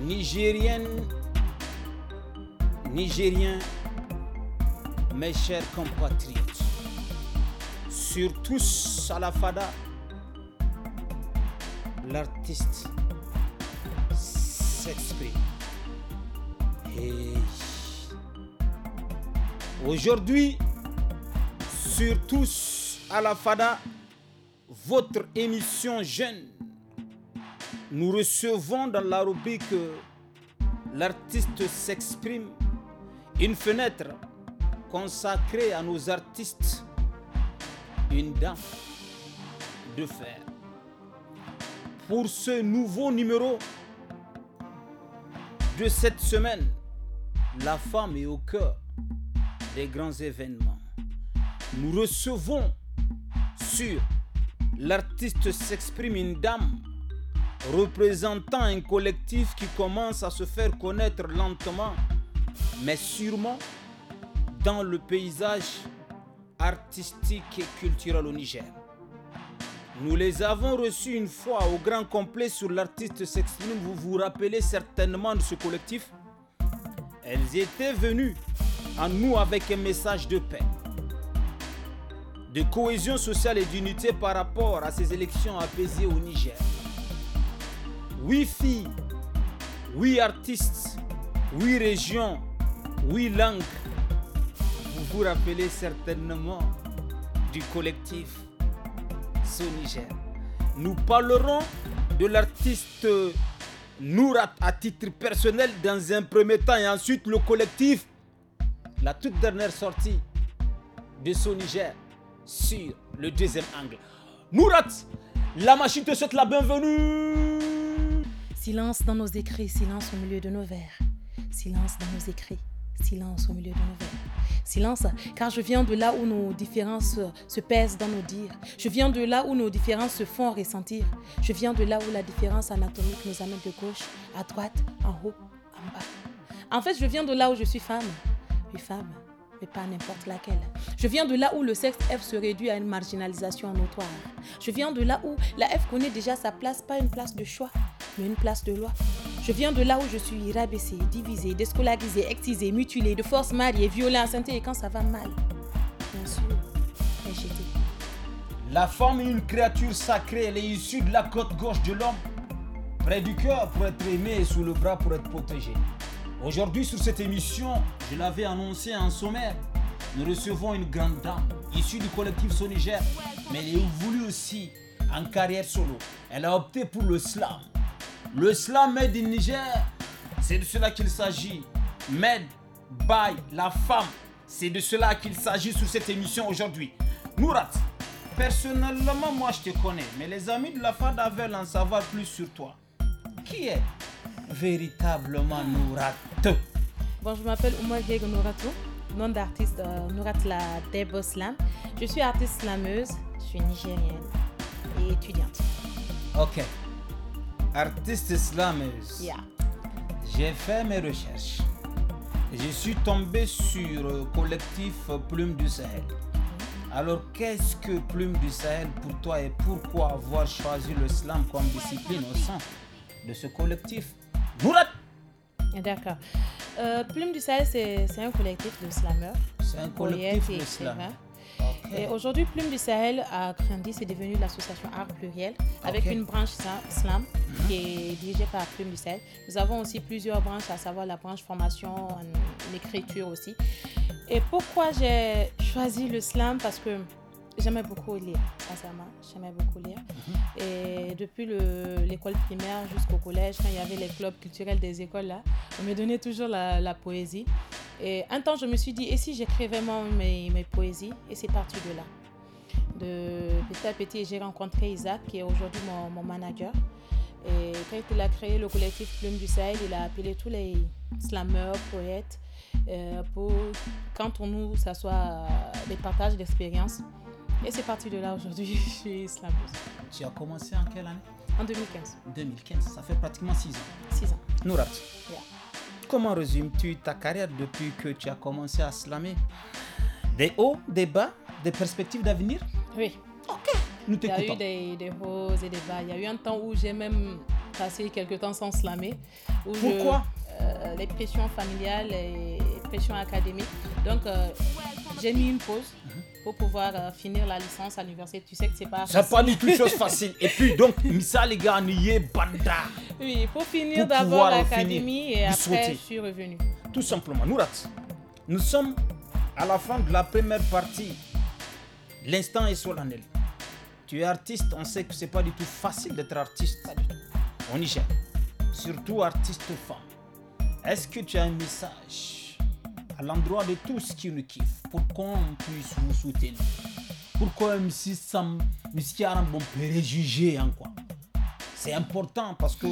nigérienne Nigérien, mes chers compatriotes, sur la fada l'artiste s'exprime. Et aujourd'hui, tous à la Fada, votre émission jeune nous recevons dans la rubrique euh, L'artiste s'exprime une fenêtre consacrée à nos artistes, une dame de fer. Pour ce nouveau numéro de cette semaine, la femme est au cœur des grands événements. Nous recevons sur l'artiste s'exprime une dame représentant un collectif qui commence à se faire connaître lentement, mais sûrement dans le paysage artistique et culturel au Niger. Nous les avons reçus une fois au grand complet sur l'artiste s'exprime. Vous vous rappelez certainement de ce collectif. Elles étaient venues à nous avec un message de paix, de cohésion sociale et d'unité par rapport à ces élections apaisées au Niger. Oui filles, oui artistes, oui régions, oui langues Vous vous rappelez certainement du collectif SONIGER Nous parlerons de l'artiste Nourat à titre personnel dans un premier temps et ensuite le collectif. La toute dernière sortie de SONIGER sur le deuxième angle. Nourat, la machine te souhaite la bienvenue. Silence dans nos écrits, silence au milieu de nos vers. Silence dans nos écrits, silence au milieu de nos vers. Silence, car je viens de là où nos différences se pèsent dans nos dires. Je viens de là où nos différences se font ressentir. Je viens de là où la différence anatomique nous amène de gauche à droite, en haut, en bas. En fait, je viens de là où je suis femme. Une femme, mais pas n'importe laquelle. Je viens de là où le sexe F se réduit à une marginalisation notoire. Je viens de là où la F connaît déjà sa place, pas une place de choix, mais une place de loi. Je viens de là où je suis rabaissée, divisé, déscolarisée, excisée, mutilée, de force mariée, violée, santé et quand ça va mal. Bien sûr, j'étais. La femme est une créature sacrée, elle est issue de la côte gauche de l'homme, près du cœur pour être aimée et sous le bras pour être protégée. Aujourd'hui, sur cette émission, je l'avais annoncé en sommaire, nous recevons une grande dame issue du collectif Soniger, mais elle est voulue aussi en carrière solo. Elle a opté pour le slam le slam Made in Niger, c'est de cela qu'il s'agit. Made by la femme, c'est de cela qu'il s'agit sur cette émission aujourd'hui. Nourat, personnellement, moi je te connais, mais les amis de la FADA veulent en savoir plus sur toi. Qui est véritablement Nourat Bon, je m'appelle Oumar Diego Nouratou, nom d'artiste euh, la Debo Slam. Je suis artiste slameuse, je suis nigérienne et étudiante. Ok artiste slameuse, j'ai fait mes recherches. Je suis tombé sur le collectif Plume du Sahel. Alors qu'est-ce que Plume du Sahel pour toi et pourquoi avoir choisi le slam comme discipline au sein de ce collectif D'accord. Euh, Plume du Sahel, c'est un collectif de slameurs. C'est un collectif de slameurs. Hein? aujourd'hui, Plume du Sahel a grandi, c'est devenu l'association Art Pluriel avec une branche SLAM qui est dirigée par Plume du Sahel. Nous avons aussi plusieurs branches, à savoir la branche formation en écriture aussi. Et pourquoi j'ai choisi le slam Parce que j'aimais beaucoup lire, sincèrement. J'aimais beaucoup lire. Mhm. Et depuis l'école primaire jusqu'au collège, quand il y avait les clubs culturels des écoles, là, on me donnait toujours la poésie. Et un temps, je me suis dit, et si j'écris vraiment mes, poésies Et c'est parti de là. De petit à petit, j'ai rencontré Isaac, qui est aujourd'hui mon, mon, manager. Et quand il a créé le collectif Plume du Sahel, il a appelé tous les slameurs, poètes, euh, pour quand on nous, ça soit des partages d'expériences. Et c'est parti de là aujourd'hui, je suis slammeuse. Tu as commencé en quelle année En 2015. 2015, ça fait pratiquement 6 ans. 6 ans. Nous rap comment résumes-tu ta carrière depuis que tu as commencé à slammer Des hauts, des bas, des perspectives d'avenir Oui. Ok, nous Il y a eu des, hauts et des bas. Il y a eu un temps où j'ai même passé quelques temps sans slammer. Pourquoi euh, Les pressions familiales et les pressions académiques. Donc, euh, j'ai mis une pause. Mhm pour pouvoir euh, finir la licence à l'université. Tu sais que c'est pas Ça pas du tout chose facile. Et puis donc, Missa les gars, banda. Oui, faut finir d'abord l'académie et après je suis revenu. Tout simplement, Nourat, nous sommes à la fin de la première partie. L'instant est solennel. Tu es artiste, on sait que c'est pas du tout facile d'être artiste. On y gère. Surtout artiste femme. Est-ce que tu as un message à l'endroit de tout ce qui nous kiffe, pour qu'on puisse vous soutenir. Pourquoi M. Sam, M. Aram, bon préjugé hein, quoi. C'est important parce que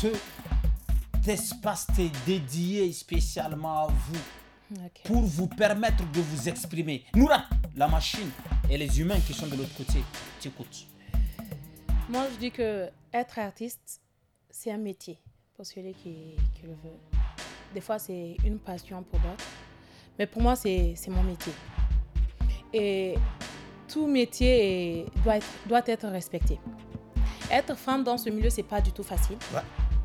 cet espace est dédié spécialement à vous pour vous permettre de vous exprimer. Nous, la machine et les humains qui sont de l'autre côté, t'écoutes. Moi, je dis que être artiste, c'est un métier pour celui qui, le veut. Des fois, c'est une passion pour d'autres. Mais pour moi, c'est mon métier. Et tout métier doit être, doit être respecté. Être femme dans ce milieu, c'est pas du tout facile.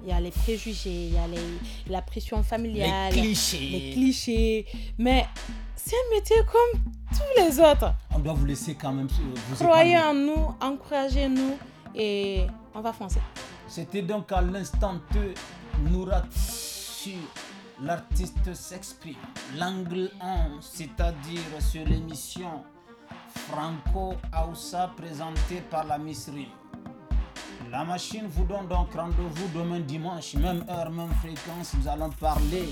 Il y a les préjugés, il y a les, la pression familiale, les clichés. Les clichés. Mais c'est un métier comme tous les autres. On doit vous laisser quand même. Euh, Croyez en nous, encouragez-nous et on va foncer. C'était donc à l'instant que nous sur l'artiste s'exprime. L'angle 1, c'est-à-dire sur l'émission Franco Aoussa présentée par la Miss Rime. La machine vous donne donc rendez-vous demain dimanche, même heure, même fréquence. Nous allons parler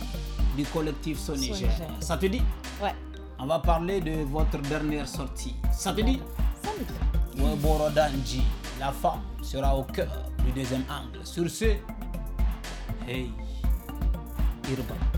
du collectif Soniger. Ça te dit Ouais. On va parler de votre dernière sortie. Ça te dit Ça me dit. la femme sera au cœur du deuxième angle. Sur ce, hey. இருப்பான்